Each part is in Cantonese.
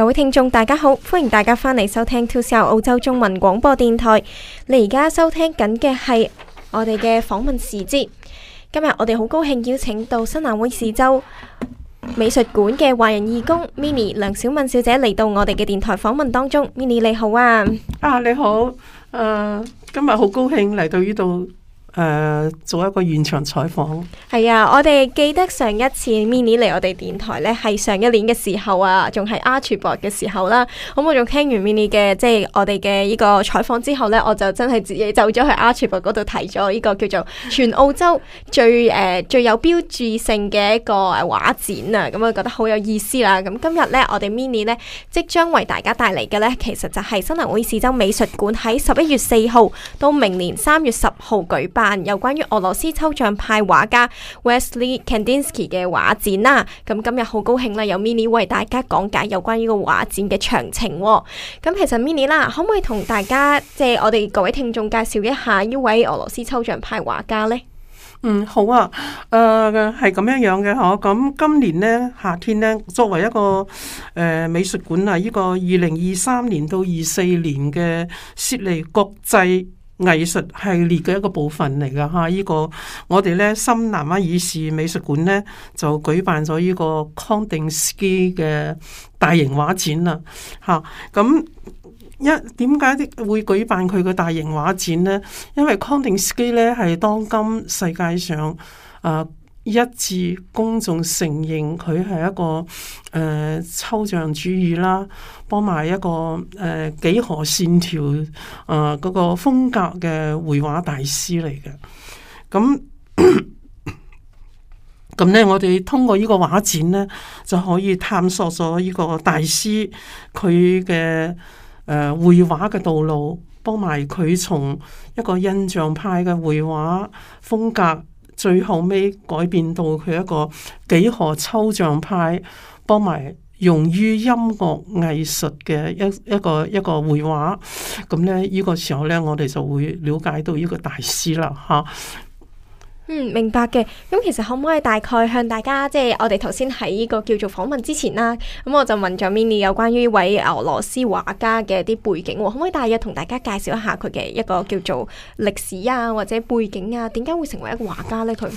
各位聽眾大家好，歡迎大家返嚟收聽 2CR 澳洲中文廣播電台。你而家收聽緊嘅係我哋嘅訪問時節。今日我哋好高興邀請到新南威爾士州美術館嘅華人義工 Mimi 梁小敏小姐嚟到我哋嘅電台訪問當中。Mimi 你好啊！啊你好，誒，今日好高興嚟到呢度。誒、uh，做一個現場採訪。係啊，我哋記得上一次 Mini 嚟我哋電台咧，係上一年嘅時候啊，仲係 Archibald 嘅時候啦。咁我仲聽完 Mini 嘅，即係我哋嘅呢個採訪之後咧，我就真係自己走咗去 Archibald 嗰度睇咗呢個叫做全澳洲最誒、呃、最有標誌性嘅一個誒畫展啊！咁、嗯、我覺得好有意思啦。咁今日咧，我哋 Mini 咧即將為大家帶嚟嘅咧，其實就係新南威爾士州美術館喺十一月四號到明年三月十號舉辦。但有關於俄羅斯抽象派畫家 Vasily Kandinsky 嘅畫展啦，啊，咁今日好高興啦，有 Mini 為大家講解有關於個畫展嘅詳情，啊。咁其實 Mini 啦，可唔可以同大家即係我哋各位聽眾介紹一下呢位俄羅斯抽象派畫家呢？嗯，好啊，誒、呃，係咁樣樣嘅，我咁今年呢，夏天呢，作為一個誒、呃、美術館啊，呢、這個二零二三年到二四年嘅雪梨國際。藝術系列嘅一個部分嚟㗎嚇，依、這個我哋咧新南威爾士美術館咧就舉辦咗呢個康定斯基嘅大型畫展啦嚇。咁一點解啲會舉辦佢個大型畫展咧？因為康定斯基咧係當今世界上啊。呃一致公眾承認佢係一個誒、呃、抽象主義啦，幫埋一個誒、呃、幾何線條啊嗰個風格嘅繪畫大師嚟嘅。咁咁咧，我哋通過呢個畫展咧，就可以探索咗呢個大師佢嘅誒繪畫嘅道路，幫埋佢從一個印象派嘅繪畫風格。最後尾改變到佢一個幾何抽象派，幫埋用於音樂藝術嘅一一個一個繪畫。咁呢呢個時候呢，我哋就會了解到呢個大師啦吓嗯，明白嘅。咁其實可唔可以大概向大家，即係我哋頭先喺呢個叫做訪問之前啦。咁我就問咗 Minnie 有關於一位俄羅斯畫家嘅啲背景，可唔可以大約同大家介紹一下佢嘅一個叫做歷史啊，或者背景啊，點解會成為一個畫家呢？佢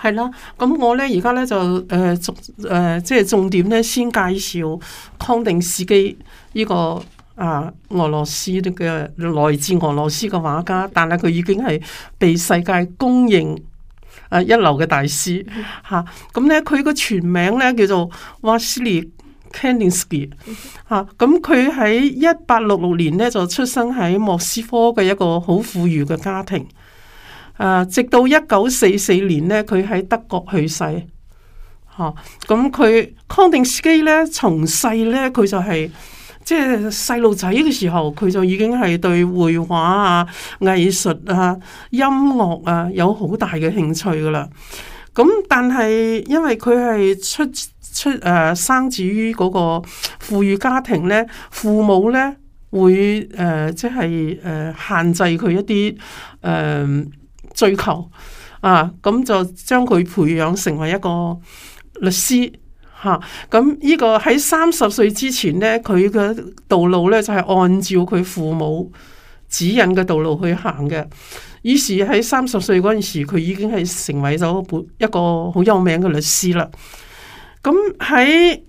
係啦，咁我呢而家呢，就誒重、呃呃、即係重點呢，先介紹康定斯基呢個。啊，俄羅斯嘅來自俄羅斯嘅畫家，但係佢已經係被世界公認啊一流嘅大師吓。咁、嗯、咧、佢、啊、個、嗯、全名咧叫做瓦西里康定斯基吓。咁佢喺一八六六年咧就出生喺莫斯科嘅一個好富裕嘅家庭。啊，直到一九四四年咧，佢喺德國去世。吓、啊，咁佢康定斯基咧，從細咧佢就係、是。即係細路仔嘅時候，佢就已經係對繪畫啊、藝術啊、音樂啊有好大嘅興趣噶啦。咁但係因為佢係出出誒、啊、生子於嗰個富裕家庭咧，父母咧會誒、啊、即係誒、啊、限制佢一啲誒、啊、追求啊，咁就將佢培養成為一個律師。哈、啊，咁依個喺三十歲之前呢，佢嘅道路呢，就係、是、按照佢父母指引嘅道路去行嘅。於是喺三十歲嗰陣時候，佢已經係成為咗一個好有名嘅律師啦。咁喺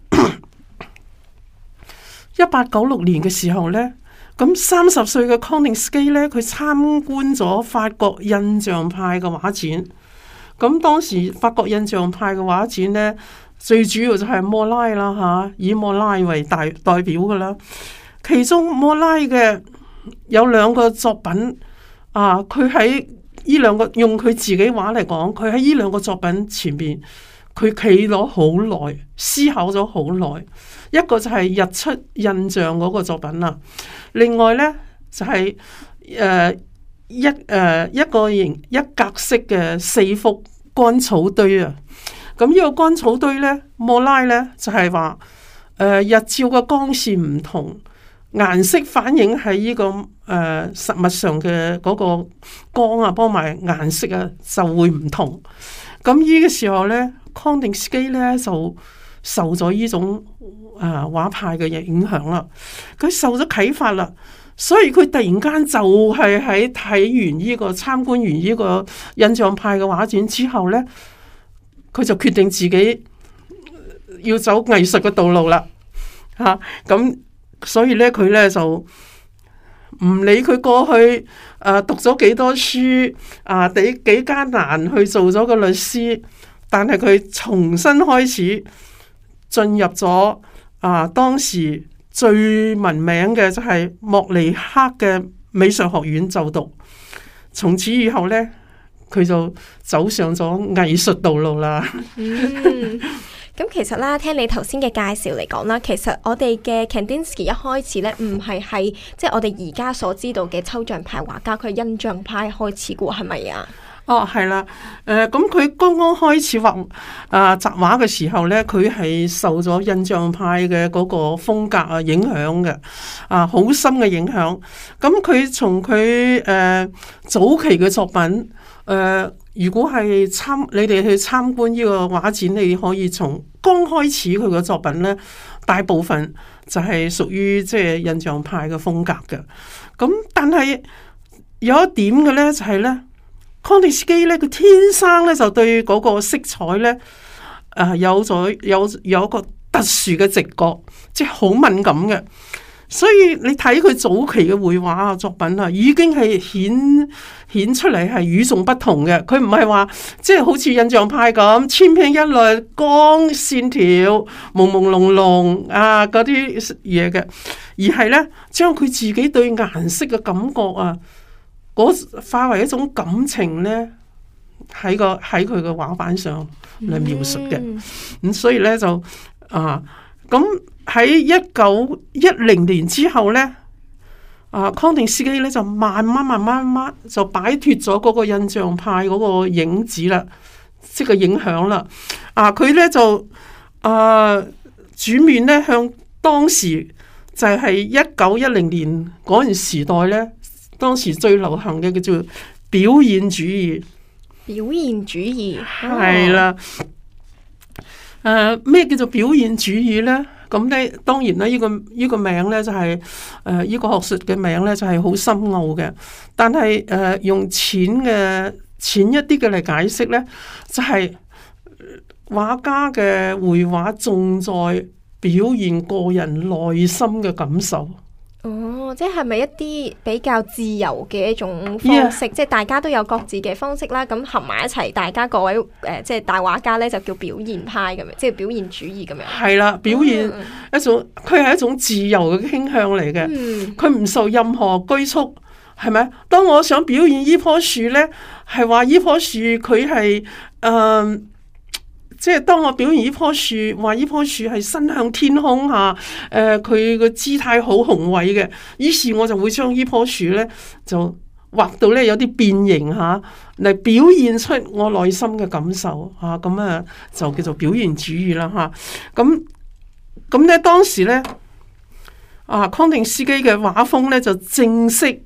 一八九六年嘅時候呢，咁三十歲嘅康寧斯基呢，佢參觀咗法國印象派嘅畫展。咁當時法國印象派嘅畫展呢，最主要就係摩拉啦吓，以摩拉為大代表嘅啦。其中摩拉嘅有兩個作品啊，佢喺呢兩個用佢自己話嚟講，佢喺呢兩個作品前邊，佢企咗好耐，思考咗好耐。一個就係日出印象嗰個作品啦，另外呢，就係、是、誒、呃、一誒一個人一格式嘅四幅乾草堆啊。咁呢個乾草堆咧，莫拉咧就係、是、話，誒、呃、日照嘅光線唔同，顏色反映喺呢、這個誒、呃、實物上嘅嗰個光啊，幫埋、啊、顏色啊就會唔同。咁呢個時候咧，康定斯基咧就受咗呢種誒、呃、畫派嘅影響啦，佢受咗啟發啦，所以佢突然間就係喺睇完呢、這個參觀完呢個印象派嘅畫展之後咧。佢就決定自己要走藝術嘅道路啦、啊，吓咁，所以咧佢咧就唔理佢過去誒、啊、讀咗幾多書啊，幾幾艱難去做咗個律師，但係佢重新開始進入咗啊當時最聞名嘅就係莫尼克嘅美術學院就讀，從此以後咧。佢就走上咗藝術道路啦，嗯。咁其實啦，聽你頭先嘅介紹嚟講啦，其實我哋嘅 Kandinsky 一開始咧，唔係係即係我哋而家所知道嘅抽象派畫家，佢係印象派開始嘅，係咪啊？哦，係啦。誒，呃，咁佢剛剛開始畫啊雜，呃、畫嘅時候咧，佢係受咗印象派嘅嗰個風格啊影響嘅。啊，呃，好深嘅影響。咁佢從佢誒，呃、早期嘅作品。誒、呃，如果係參你哋去參觀呢個畫展，你可以從剛開始佢嘅作品咧，大部分就係屬於即係印象派嘅風格嘅。咁但係有一點嘅咧，就係、是、咧，康定斯基咧，佢天生咧就對嗰個色彩咧，誒、呃，有咗有有一個特殊嘅直覺，即係好敏感嘅。所以你睇佢早期嘅繪畫啊作品啊，已經係顯顯出嚟係與眾不同嘅。佢唔係話即係好似印象派咁千篇一律光綫條朦朦朧朧啊嗰啲嘢嘅，而係咧將佢自己對顏色嘅感覺啊，嗰化為一種感情咧喺個喺佢嘅畫板上嚟描述嘅。咁所以咧就啊。咁喺一九一零年之後呢，啊、呃，康定斯基咧就慢慢慢慢慢就擺脱咗嗰個印象派嗰個影子啦，即個影響啦。啊，佢呢就啊轉面呢向當時就係一九一零年嗰陣時代呢，當時最流行嘅叫做表現主義。表現主義，oh，係啦。誒、呃，咩叫做表現主義呢？咁呢，當然咧、這個，呢個呢個名呢就係，誒呢個學術嘅名呢就係好深奧嘅。但係誒、呃、用淺嘅淺一啲嘅嚟解釋呢，就係、是、畫家嘅繪畫重在表現個人內心嘅感受。哦，即係咪一啲比較自由嘅一種方式，Yeah. 即係大家都有各自嘅方式啦。咁合埋一齊，大家各位誒，即係大畫家咧，就叫表現派咁樣，即係表現主義咁樣。係啦，表現一種，佢係，mm-hmm，一種自由嘅傾向嚟嘅，佢唔，mm-hmm，受任何拘束，係咪？當我想表現呢棵樹咧，係話呢棵樹佢係誒。嗯即係當我表現呢棵樹，話呢棵樹係伸向天空吓，誒、呃，佢個姿態好宏偉嘅，於是我就會將呢棵樹咧就畫到咧有啲變形吓，嚟、啊、表現出我內心嘅感受吓，咁啊就叫做表現主義啦吓，咁咁咧當時咧，啊康定斯基嘅畫風咧就正式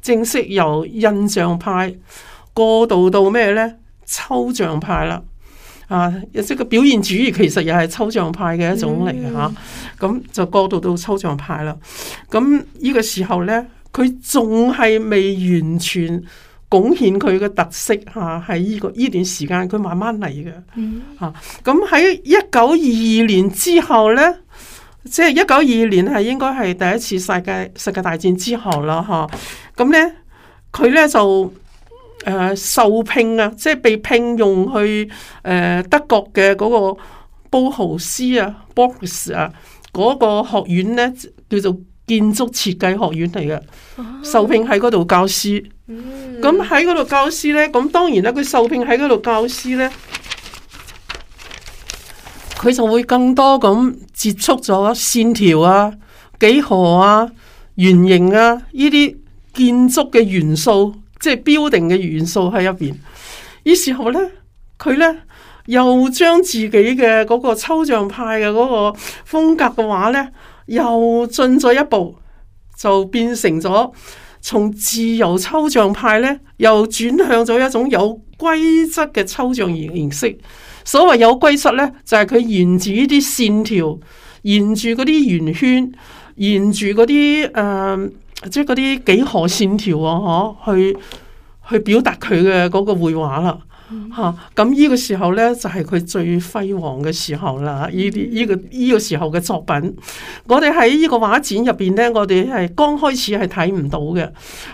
正式由印象派過渡到咩咧抽象派啦。啊！即個表現主義其實又係抽象派嘅一種嚟嘅嚇，咁、嗯啊、就過渡到抽象派啦。咁呢個時候咧，佢仲係未完全貢獻佢嘅特色嚇，喺、啊、呢、這個呢段、這個、時間佢慢慢嚟嘅嚇。咁喺一九二二年之後咧，即係一九二二年係應該係第一次世界世界大戰之後啦嚇。咁咧佢咧就。誒、呃，受聘啊，即係被聘用去誒、呃、德國嘅嗰個包豪斯啊，b o x 啊，嗰、那個學院咧叫做建築設計學院嚟嘅、啊，受聘喺嗰度教書。咁喺嗰度教書咧，咁當然啦，佢受聘喺嗰度教書咧，佢就會更多咁接觸咗線條啊、幾何啊、圓形啊呢啲建築嘅元素。即係標定嘅元素喺入邊，於是乎咧，佢咧又將自己嘅嗰個抽象派嘅嗰個風格嘅話咧，又進咗一步，就變成咗從自由抽象派咧，又轉向咗一種有規則嘅抽象形式。所謂有規則咧，就係、是、佢沿住呢啲線條，沿住嗰啲圓圈，沿住嗰啲誒。呃即係嗰啲幾何線條啊，嗬，去去表達佢嘅嗰個繪畫啦，吓，咁呢個時候咧就係、是、佢最輝煌嘅時候啦。呢啲呢個呢、這個這個時候嘅作品，我哋喺呢個畫展入邊咧，我哋係剛開始係睇唔到嘅，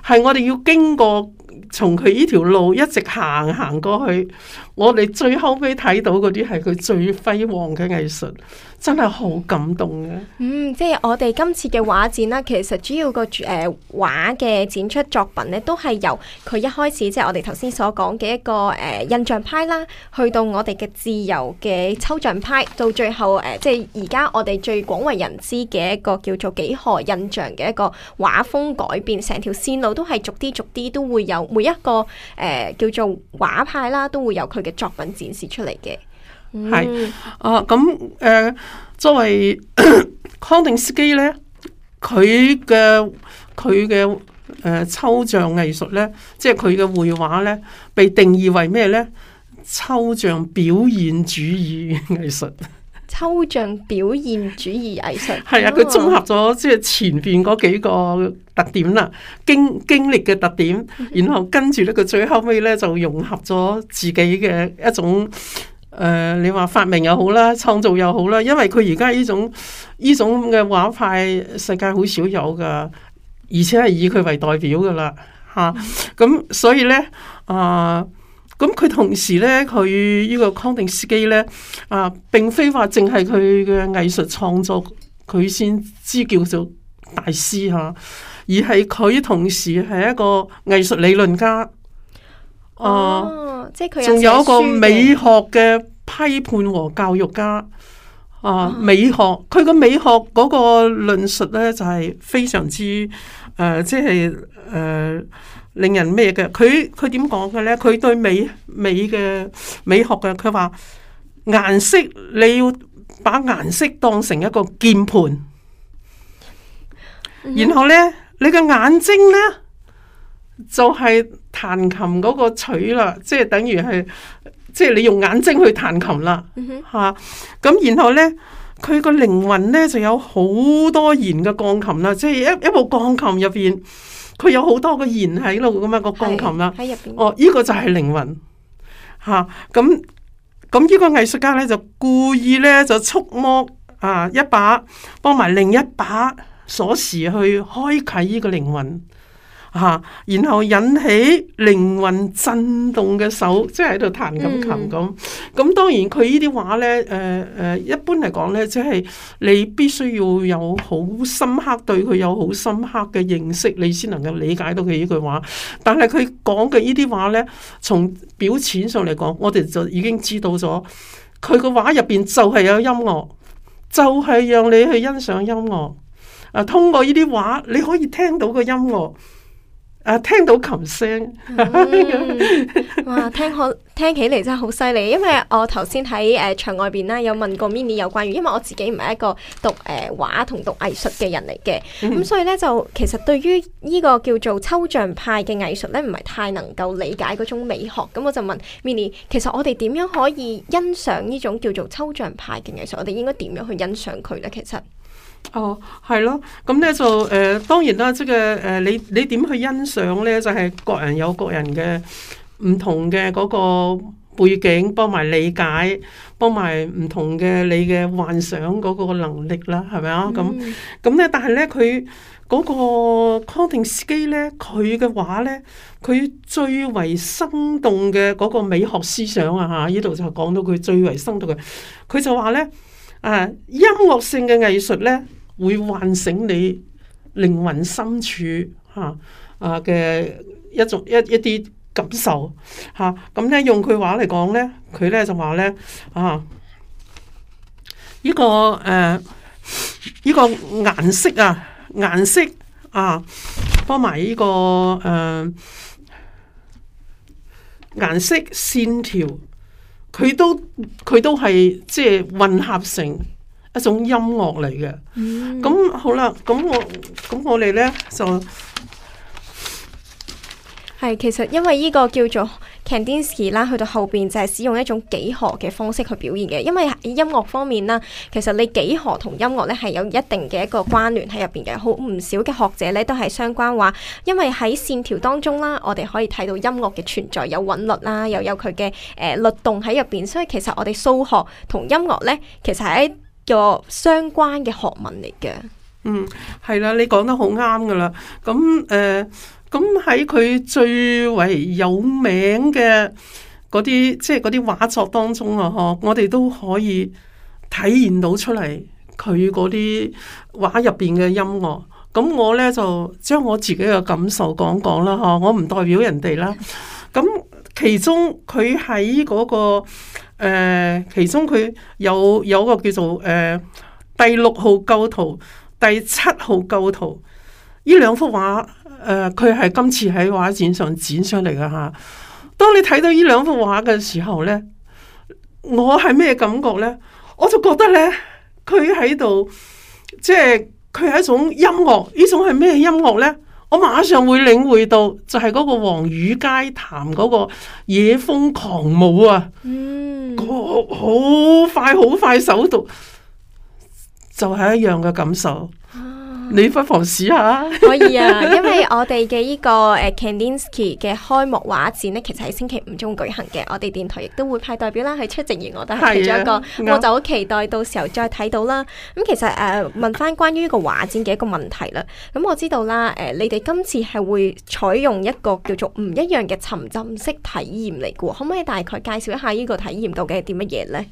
係我哋要經過從佢呢條路一直行行過去，我哋最後尾睇到嗰啲係佢最輝煌嘅藝術。真係好感動啊！嗯，即係我哋今次嘅畫展啦，其實主要個誒畫嘅展出作品咧，都係由佢一開始即係我哋頭先所講嘅一個誒、呃、印象派啦，去到我哋嘅自由嘅抽象派，到最後誒、呃、即係而家我哋最廣為人知嘅一個叫做幾何印象嘅一個畫風改變，成條線路都係逐啲逐啲都會有每一個誒、呃、叫做畫派啦，都會有佢嘅作品展示出嚟嘅。係、嗯，啊，咁誒、呃，作為咳咳康定斯基咧，佢嘅佢嘅誒抽象藝術咧，即係佢嘅繪畫咧，被定義為咩咧？抽象表現主義藝術。抽象表現主義藝術。係啊，佢綜合咗即係前邊嗰幾個特點啦，經經歷嘅特點，然後跟住咧佢最後尾咧就融合咗自己嘅一種。誒、呃，你話發明又好啦，創造又好啦，因為佢而家呢種呢種嘅畫派，世界好少有噶，而且係以佢為代表噶啦，吓、啊、咁所以咧啊，咁佢同時咧，佢呢個康定斯基咧啊，並非話淨係佢嘅藝術創作，佢先知叫做大師吓、啊，而係佢同時係一個藝術理論家。哦、啊，即係佢有寫書，仲有個美學嘅批判和教育家、哦、啊，美學佢個美學嗰個論述咧就係非常之誒，即係誒令人咩嘅？佢佢點講嘅咧？佢對美美嘅美學嘅，佢話顏色你要把顏色當成一個鍵盤、嗯，然後咧你嘅眼睛咧。就係、是、彈琴嗰個錘啦，即、就、係、是、等於係，即、就、係、是、你用眼睛去彈琴啦，吓、嗯、咁、啊、然後咧，佢個靈魂咧就有好多弦嘅鋼琴啦，即、就、係、是、一一部鋼琴入邊，佢有好多個弦喺度咁樣個鋼琴啦，哦，依、這個就係靈魂吓，咁咁呢個藝術家咧就故意咧就觸摸啊一把，幫埋另一把鎖匙去開啟呢個靈魂。吓、啊，然後引起靈魂震動嘅手，即係喺度彈緊琴咁。咁、嗯、當然佢呢啲話咧，誒、呃、誒、呃，一般嚟講咧，即、就、係、是、你必須要有好深刻對佢有好深刻嘅認識，你先能夠理解到佢呢句話。但係佢講嘅呢啲話咧，從表淺上嚟講，我哋就已經知道咗，佢個話入邊就係有音樂，就係、是、讓你去欣賞音樂、啊。通過呢啲話，你可以聽到個音樂。啊！聽到琴聲，嗯、哇！聽好聽起嚟真係好犀利，因為我頭先喺誒場外邊啦，有問過 Minnie 有關於，因為我自己唔係一個讀誒畫同讀藝術嘅人嚟嘅，咁、嗯、所以咧就其實對於呢個叫做抽象派嘅藝術咧，唔係太能夠理解嗰種美學，咁我就問 Minnie，其實我哋點樣可以欣賞呢種叫做抽象派嘅藝術？我哋應該點樣去欣賞佢咧？其實。哦，係咯，咁咧就誒、呃，當然啦，即係誒、呃，你你點去欣賞咧？就係、是、各人有各人嘅唔同嘅嗰個背景，幫埋理解，幫埋唔同嘅你嘅幻想嗰個能力啦，係咪啊？咁咁咧，但係咧，佢嗰個康定斯基咧，佢嘅話咧，佢最為生動嘅嗰個美學思想啊！吓，呢度就講到佢最為生動嘅，佢就話咧。啊，音樂性嘅藝術咧，會喚醒你靈魂深處吓啊嘅一種一一啲感受吓。咁咧用佢話嚟講咧，佢咧就話咧啊，啊嗯、呢，呢，呢啊、呢個誒，呢、啊呢個顏色啊，顏色啊，幫埋呢個誒，顏、啊、色線條。佢都佢都係即係混合成一種音樂嚟嘅，咁、嗯、好啦，咁我咁我哋咧就係其實因為呢個叫做。Kandinsky 啦，去到後邊就係使用一種幾何嘅方式去表現嘅，因為音樂方面啦，其實你幾何同音樂咧係有一定嘅一個關聯喺入邊嘅，好唔少嘅學者咧都係相關話，因為喺線條當中啦，我哋可以睇到音樂嘅存在有韻律啦，又有佢嘅誒律動喺入邊，所以其實我哋數學同音樂咧其實係一個相關嘅學問嚟嘅。嗯，係啦，你講得好啱噶啦，咁誒。呃咁喺佢最為有名嘅嗰啲，即係嗰啲畫作當中啊，嗬，我哋都可以體現到出嚟佢嗰啲畫入邊嘅音樂。咁我咧就將我自己嘅感受講講啦，嗬，我唔代表人哋啦。咁其中佢喺嗰個誒，其中佢有有個叫做誒第六號構圖、第七號構圖呢兩幅畫。誒、呃，佢係今次喺畫展上展出嚟噶吓。當你睇到呢兩幅畫嘅時候咧，我係咩感覺咧？我就覺得咧，佢喺度，即係佢係一種音樂。這種是什麼音樂，呢種係咩音樂咧？我馬上會領會到，就係嗰個黃宇佳彈嗰個野蜂狂舞啊！好、嗯，那個、快好快手讀，就係、是、一樣嘅感受。你不妨試下 可以啊，因為我哋嘅呢個誒 Kandinsky 嘅開幕畫展呢，其實喺星期五中午舉行嘅。我哋電台亦都會派代表啦，去出席，而我都係其中一個，我就好期待到時候再睇到啦。咁其實誒、呃，問翻關於呢個畫展嘅一個問題啦。咁我知道啦，誒、呃，你哋今次係會採用一個叫做唔一樣嘅沉浸式體驗嚟嘅，可唔可以大概介紹一下呢個體驗到嘅係啲乜嘢呢？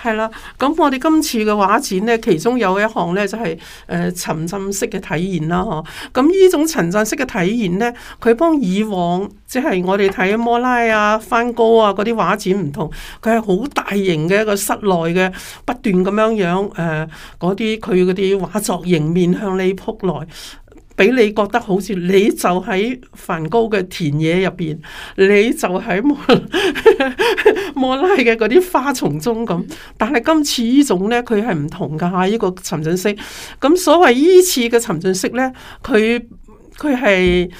係啦，咁我哋今次嘅畫展咧，其中有一項咧就係誒沉浸式嘅體驗啦，嗬。咁呢種沉浸式嘅體驗咧，佢幫以往即係、就是、我哋睇摩拉呀、啊、梵高啊嗰啲畫展唔同，佢係好大型嘅一個室內嘅，不斷咁樣樣誒，嗰啲佢嗰啲畫作迎面向你撲來。俾你覺得好似你就喺梵高嘅田野入邊，你就喺莫莫拉嘅嗰啲花叢中咁。但係今次這種呢種咧，佢係唔同噶嚇。呢、啊這個沉浸式。咁、啊、所謂呢次嘅沉浸式咧，佢佢係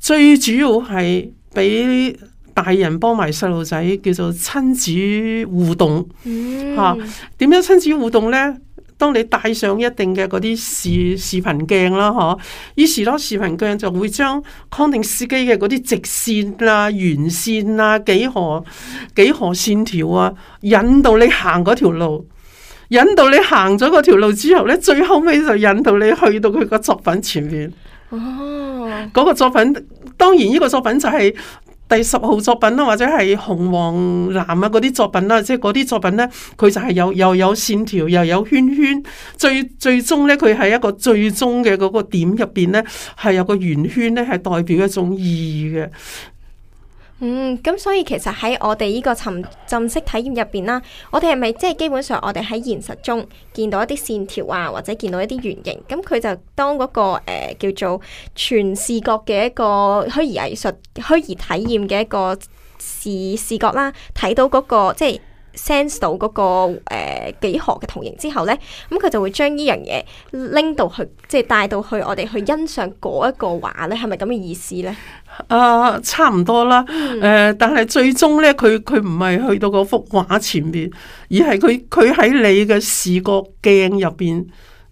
最主要係俾大人幫埋細路仔叫做親子互動嚇。點、啊、樣親子互動咧？當你戴上一定嘅嗰啲視視頻鏡啦，嗬，於是咯視頻鏡就會將康定斯基嘅嗰啲直線啊、圓線啊、幾何幾何線條啊，引導你行嗰條路，引導你行咗嗰條路之後咧，最後尾就引導你去到佢個作品前面。哦，嗰個作品當然呢個作品就係、是。第十號作品啦，或者係紅、黃、藍啊嗰啲作品啦，即係啲作品咧，佢就係有又有線條，又有，有圈圈，最最終咧，佢係一個最終嘅嗰個點入邊咧，係有個圓圈咧，係代表一種意義嘅。嗯，咁所以其實喺我哋呢個沉浸式體驗入面啦，我哋係咪即係基本上我哋喺現實中見到一啲線條啊，或者見到一啲圓形？咁佢就當嗰個、呃、叫做全視覺嘅一個虛擬藝術、虛擬體驗嘅一個視視覺啦，睇到嗰個即係。就是 sense 到嗰、那個誒、呃、幾何嘅圖形之後咧，咁、嗯、佢就會將呢樣嘢拎到去，即係帶到去我哋去欣賞嗰一個畫咧，係咪咁嘅意思咧？啊，差唔多啦，誒、嗯呃，但係最終咧，佢佢唔係去到嗰幅畫前邊，而係佢佢喺你嘅視覺鏡入邊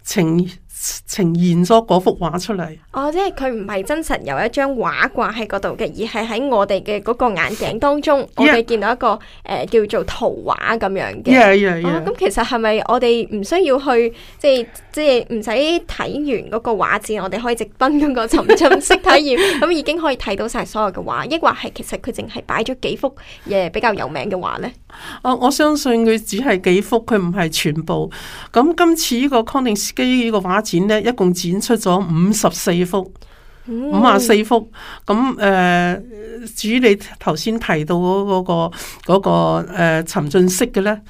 呈呈現咗嗰幅畫出嚟哦，oh, 即係佢唔係真實有一張畫掛喺嗰度嘅，而係喺我哋嘅嗰個眼鏡當中，yeah. 我哋見到一個誒、呃、叫做圖畫咁樣嘅。咁、yeah, yeah, yeah. oh, 嗯、其實係咪我哋唔需要去即係即係唔使睇完嗰個畫展，我哋可以直奔嗰個沉浸式體驗，咁、 嗯、已經可以睇到晒所有嘅畫？抑或係其實佢淨係擺咗幾幅嘢比較有名嘅畫呢？哦、uh,，我相信佢只係幾幅，佢唔係全部。咁今次呢個 Kandinsky 呢個畫展咧，一共展出咗五十四幅，五十四幅。咁誒、呃，至於你頭先提到嗰、那個嗰、那個誒沉、呃、浸式嘅咧，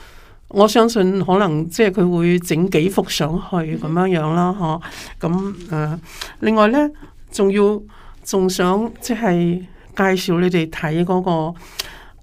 我相信可能即係佢會整幾幅上去咁樣樣啦，嗬。咁、呃、誒，另外咧，仲要仲想即係介紹你哋睇嗰個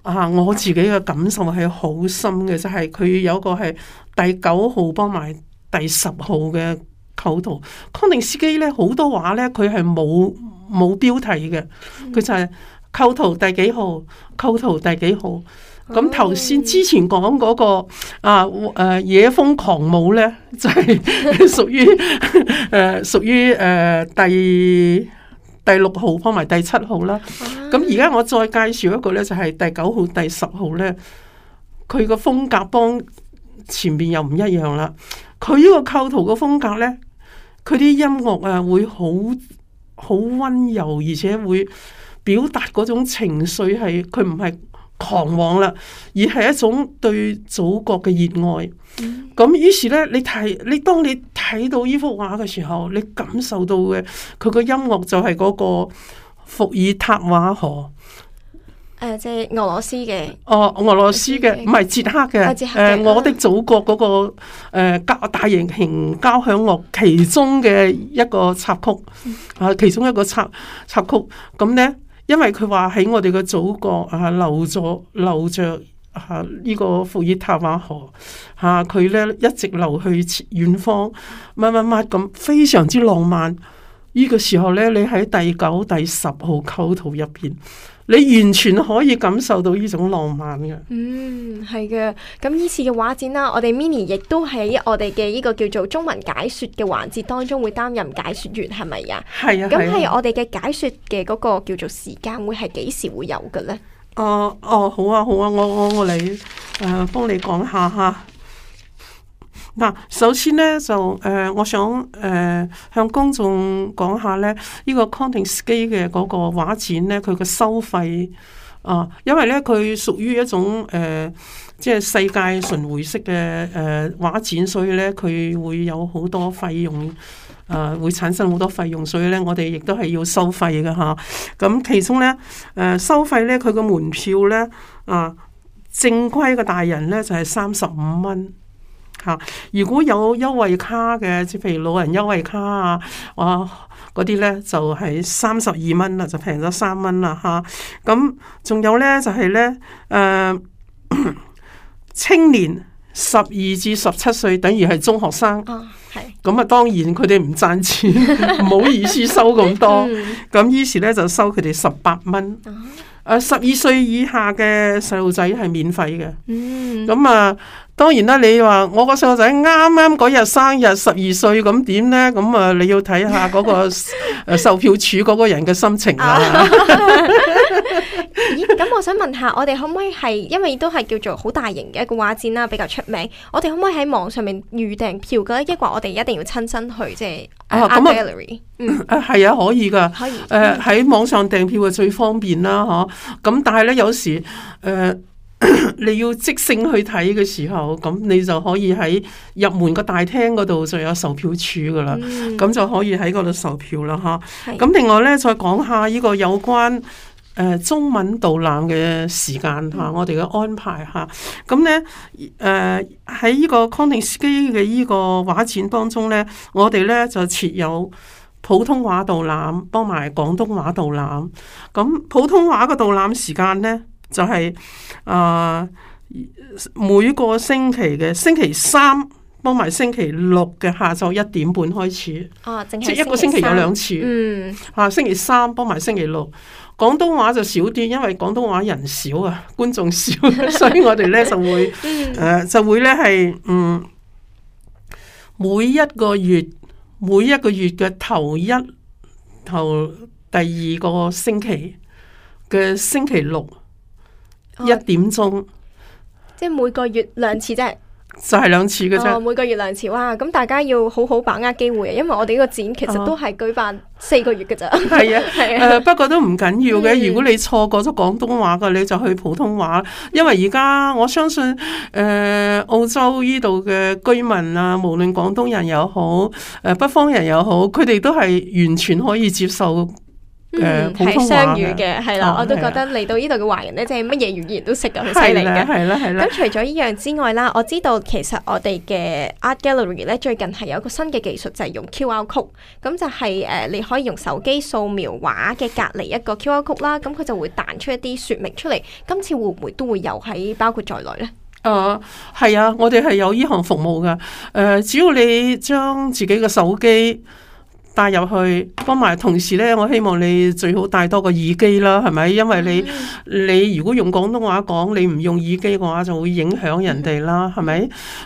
啊，我自己嘅感受係好深嘅，就係、是、佢有個係第九號，幫埋第十號嘅。構圖，康定斯基咧好多畫咧，佢係冇冇標題嘅，佢就係構圖第幾號，構圖第幾號。咁頭先之前講嗰、那個啊誒、啊、野風狂舞咧，就係屬於誒屬於誒第第六號，同埋第七號啦。咁而家我再介紹一個咧，就係、是、第九號、第十號咧，佢個風格幫前邊又唔一樣啦。佢呢個構圖嘅風格咧。佢啲音樂啊，會好好溫柔，而且會表達嗰種情緒係佢，唔係狂妄啦，而係一種對祖國嘅熱愛。咁、嗯、於是咧，你睇你當你睇到呢幅畫嘅時候，你感受到嘅佢個音樂就係嗰個伏爾塔瓦河。誒、呃，即、就、係、是、俄羅斯嘅。哦，俄羅斯嘅，唔係，捷克嘅。誒、呃，我的祖國嗰、那個誒交、呃呃、大型型交響樂其中嘅一個插曲、嗯，啊，其中一個插插曲。咁咧，因為佢話喺我哋嘅祖國啊，流咗流着啊呢、這個伏爾塔瓦河，吓佢咧一直流去遠方，乜乜乜咁，非常之浪漫。呢、這個時候咧，你喺第九、第十號構圖入邊。你完全可以感受到呢種浪漫嘅。嗯，係嘅。咁呢次嘅畫展啦，我哋 Minnie 亦都喺我哋嘅呢個叫做中文解説嘅環節當中會擔任解説員，係咪呀？係啊。咁係我哋嘅解説嘅嗰個叫做時間，會係幾時會有嘅咧？哦、啊，哦、啊，好啊，好啊，我我我嚟誒幫你講下嚇。嗱，首先咧就誒、呃，我想誒、呃、向公眾講下咧，這個、個呢個 Kandinsky 嘅嗰個畫展咧，佢嘅收費啊，因為咧佢屬於一種誒，即、呃、係、就是、世界巡迴式嘅誒畫展，所以咧佢會有好多費用啊、呃，會產生好多費用，所以咧我哋亦都係要收費嘅嚇。咁、啊、其中咧誒、呃、收費咧，佢嘅門票咧啊，正規嘅大人咧就係三十五蚊。吓，如果有優惠卡嘅，即係譬如老人優惠卡啊，哇，嗰啲呢就係三十二蚊啦，就平咗三蚊啦，吓、就是。咁仲有呢，就係呢誒，青年十二至十七歲，等於係中學生，係，咁啊，當然佢哋唔賺錢，唔 好意思收咁多，咁於是呢，就收佢哋十八蚊。十二歲以下嘅細路仔係免費嘅。咁、嗯、啊，當然啦，你話我個細路仔啱啱嗰日生日十二歲，咁點呢？咁啊，你要睇下嗰個售 票處嗰個人嘅心情啊。 咦，咁我想問下，我哋可唔可以係，因為都係叫做好大型嘅一個畫展啦，啊，比較出名。我哋可唔可以喺網上面預訂票噶？抑或，我哋一定要親身去即係。啊，咁係、嗯、啊，可以噶，可以誒，喺、呃、網上訂票係最方便啦，吓。咁但係咧有時誒、呃， 你要即興去睇嘅時候，咁你就可以喺入門個大廳嗰度就有售票處噶啦，咁、嗯、就可以喺嗰度售票啦，吓。咁另外咧，再講下呢個有關，誒、呃、中文導覽嘅時間吓、嗯，我哋嘅安排吓，咁咧誒喺呢、呃、個康定斯基嘅呢個畫展當中咧，我哋咧就設有普通話導覽，幫埋廣東話導覽。咁普通話嘅導覽時間咧，就係、是、誒、呃、每個星期嘅星期三，幫埋星期六嘅下晝一點半開始。哦、啊，即一個星期有兩次。嗯，啊，星期三幫埋星期六。廣東話就少啲，因為廣東話人少啊，觀眾少， 所以我哋咧就會，誒、 呃，就會咧係，嗯，每一個月，每一個月嘅頭一，頭第二個星期嘅星期六，一、哦、點鐘，即係每個月兩次，即係。就係、是、兩次嘅啫、哦，每個月兩次。哇！咁大家要好好把握機會，因為我哋呢個展其實都係舉辦四個月嘅咋。係 啊是的，係 啊、呃呃。不過都唔緊要嘅，如果你錯過咗廣東話嘅，你就去普通話。因為而家我相信，誒、呃，澳洲呢度嘅居民啊，無論廣東人又好，誒、呃，北方人又好，佢哋都係完全可以接受。嗯，係雙語嘅，係咯、嗯啊，我都覺得嚟到呢度嘅華人咧，即係乜嘢語言都識嘅，好犀利嘅。係啦，係啦，咁除咗呢樣之外啦，我知道其實我哋嘅 Art Gallery 咧，最近係有一個新嘅技術，就係、是、用 QR code。咁就係誒，你可以用手機掃描畫嘅隔離一個 QR code 啦，咁佢就會彈出一啲説明出嚟。今次會唔會都會有喺包括在內咧？誒，係啊，我哋係有呢項服務嘅。誒、呃，只要你將自己嘅手機，帶入去，幫埋。同時咧，我希望你最好帶多個耳機啦，係咪？因為你你如果用廣東話講，你唔用耳機嘅話，就會影響人哋啦，係咪？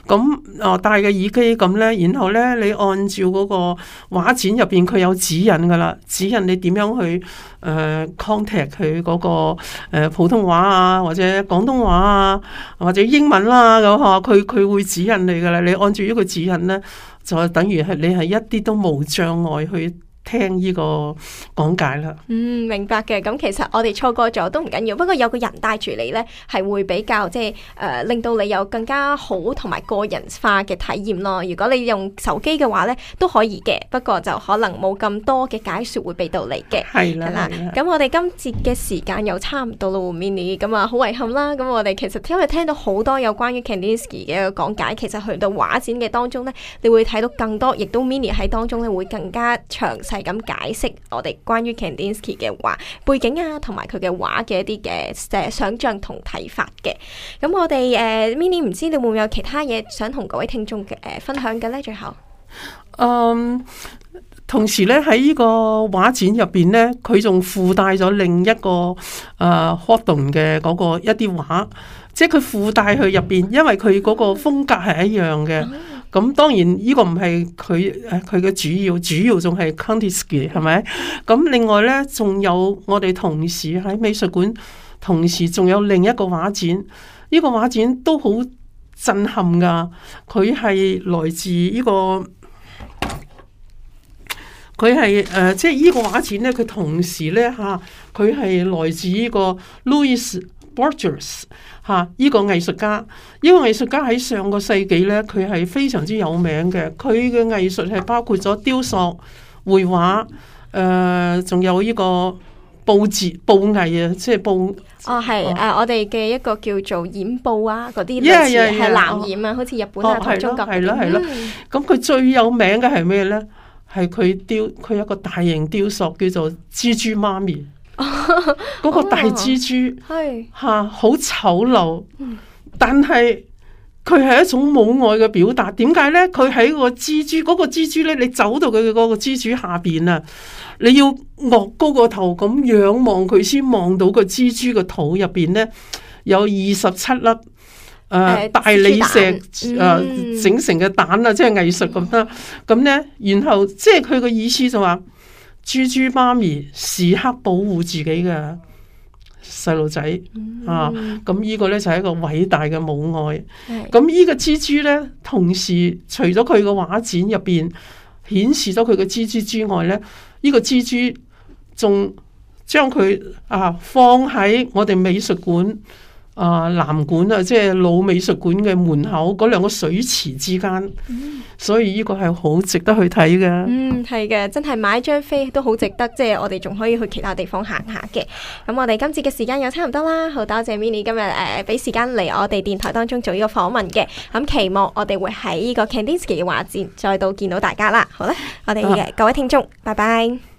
咁、嗯、啊，戴個耳機咁咧，然後咧，你按照嗰個畫展入面，佢有指引噶啦，指引你點樣去誒、呃、contact 佢嗰、嗰個、呃、普通話啊，或者廣東話啊，或者英文啦咁嗬，佢佢會指引你噶啦，你按照呢個指引咧。就係等於係你係一啲都冇障礙去。聽呢個講解啦，嗯，明白嘅。咁其實我哋錯過咗都唔緊要，不過有個人帶住你呢，係會比較即係誒、呃，令到你有更加好同埋個人化嘅體驗咯。如果你用手機嘅話呢，都可以嘅，不過就可能冇咁多嘅解説會俾到你嘅。係啦，咁我哋今節嘅時間又差唔多啦，Mini 咁啊，好遺憾啦。咁我哋其實因為聽到好多有關於 Kandinsky 嘅講解，其實去到畫展嘅當中呢，你會睇到更多，亦都 Mini 喺當中咧會更加詳細。係咁解釋我哋關於 Kandinsky 嘅畫背景啊，同埋佢嘅畫嘅一啲嘅誒想象同睇法嘅。咁我哋誒，Minnie 唔知你會唔會有其他嘢想同各位聽眾誒分享嘅咧？最後，嗯、um，同時咧喺呢個畫展入邊咧，佢仲附帶咗另一個誒、uh, Horton 嘅嗰個一啲畫，即係佢附帶去入邊，因為佢嗰個風格係一樣嘅。咁當然呢個唔係佢誒佢嘅主要，主要仲係 Kandinsky 係咪？咁另外呢，仲有我哋同時喺美術館，同時仲有另一個畫展，呢、這個畫展都好震撼噶。佢係來自呢、這個，佢係誒即係呢個畫展呢，佢同時呢，嚇、啊，佢係來自呢個 Louis Bourgeois。啊！呢個藝術家，呢個藝術家喺上個世紀咧，佢係非常之有名嘅。佢嘅藝術係包括咗雕塑、繪畫，誒、呃，仲有呢個布置、布藝啊，即係布。哦，係誒、啊啊啊，我哋嘅一個叫做染布啊，嗰啲，係、yeah, yeah, yeah, 藍染啊，啊好似日本啊，啊中國係咯係咯。咁、啊、佢、啊啊啊啊嗯、最有名嘅係咩咧？係佢雕佢一個大型雕塑叫做蜘蛛媽咪。嗰 個大蜘蛛，吓好醜陋，嗯、但係佢係一種母愛嘅表達。點解咧？佢喺個蜘蛛，嗰、那個蜘蛛咧，你走到佢嘅嗰個蜘蛛下邊啊，你要昂高個頭咁仰望佢，先望到個蜘蛛嘅肚入邊咧有二十七粒誒、呃呃、大理石誒、呃呃、整成嘅蛋啊、嗯，即係藝術咁啦。咁、嗯、咧、嗯，然後即係佢嘅意思就話、是。蜘蛛媽咪時刻保護自己嘅細路仔啊！咁呢個呢就係一個偉大嘅母愛。咁 mm-hmm 呢個蜘蛛呢，同時除咗佢嘅畫展入邊顯示咗佢嘅蜘蛛之外咧，呢個蜘蛛仲將佢啊放喺我哋美術館。啊，南館啊，即係老美術館嘅門口嗰兩個水池之間，嗯，所以呢個係好值得去睇嘅。嗯，係嘅，真係買張飛都好值得，即係我哋仲可以去其他地方行下嘅。咁我哋今次嘅時間又差唔多啦，好多謝 Minnie 今日誒俾時間嚟我哋電台當中做呢個訪問嘅。咁、嗯、期望我哋會喺呢個 Kandinsky 嘅畫展再度見到大家啦。好啦，我哋嘅各位聽眾，拜、啊、拜。Bye bye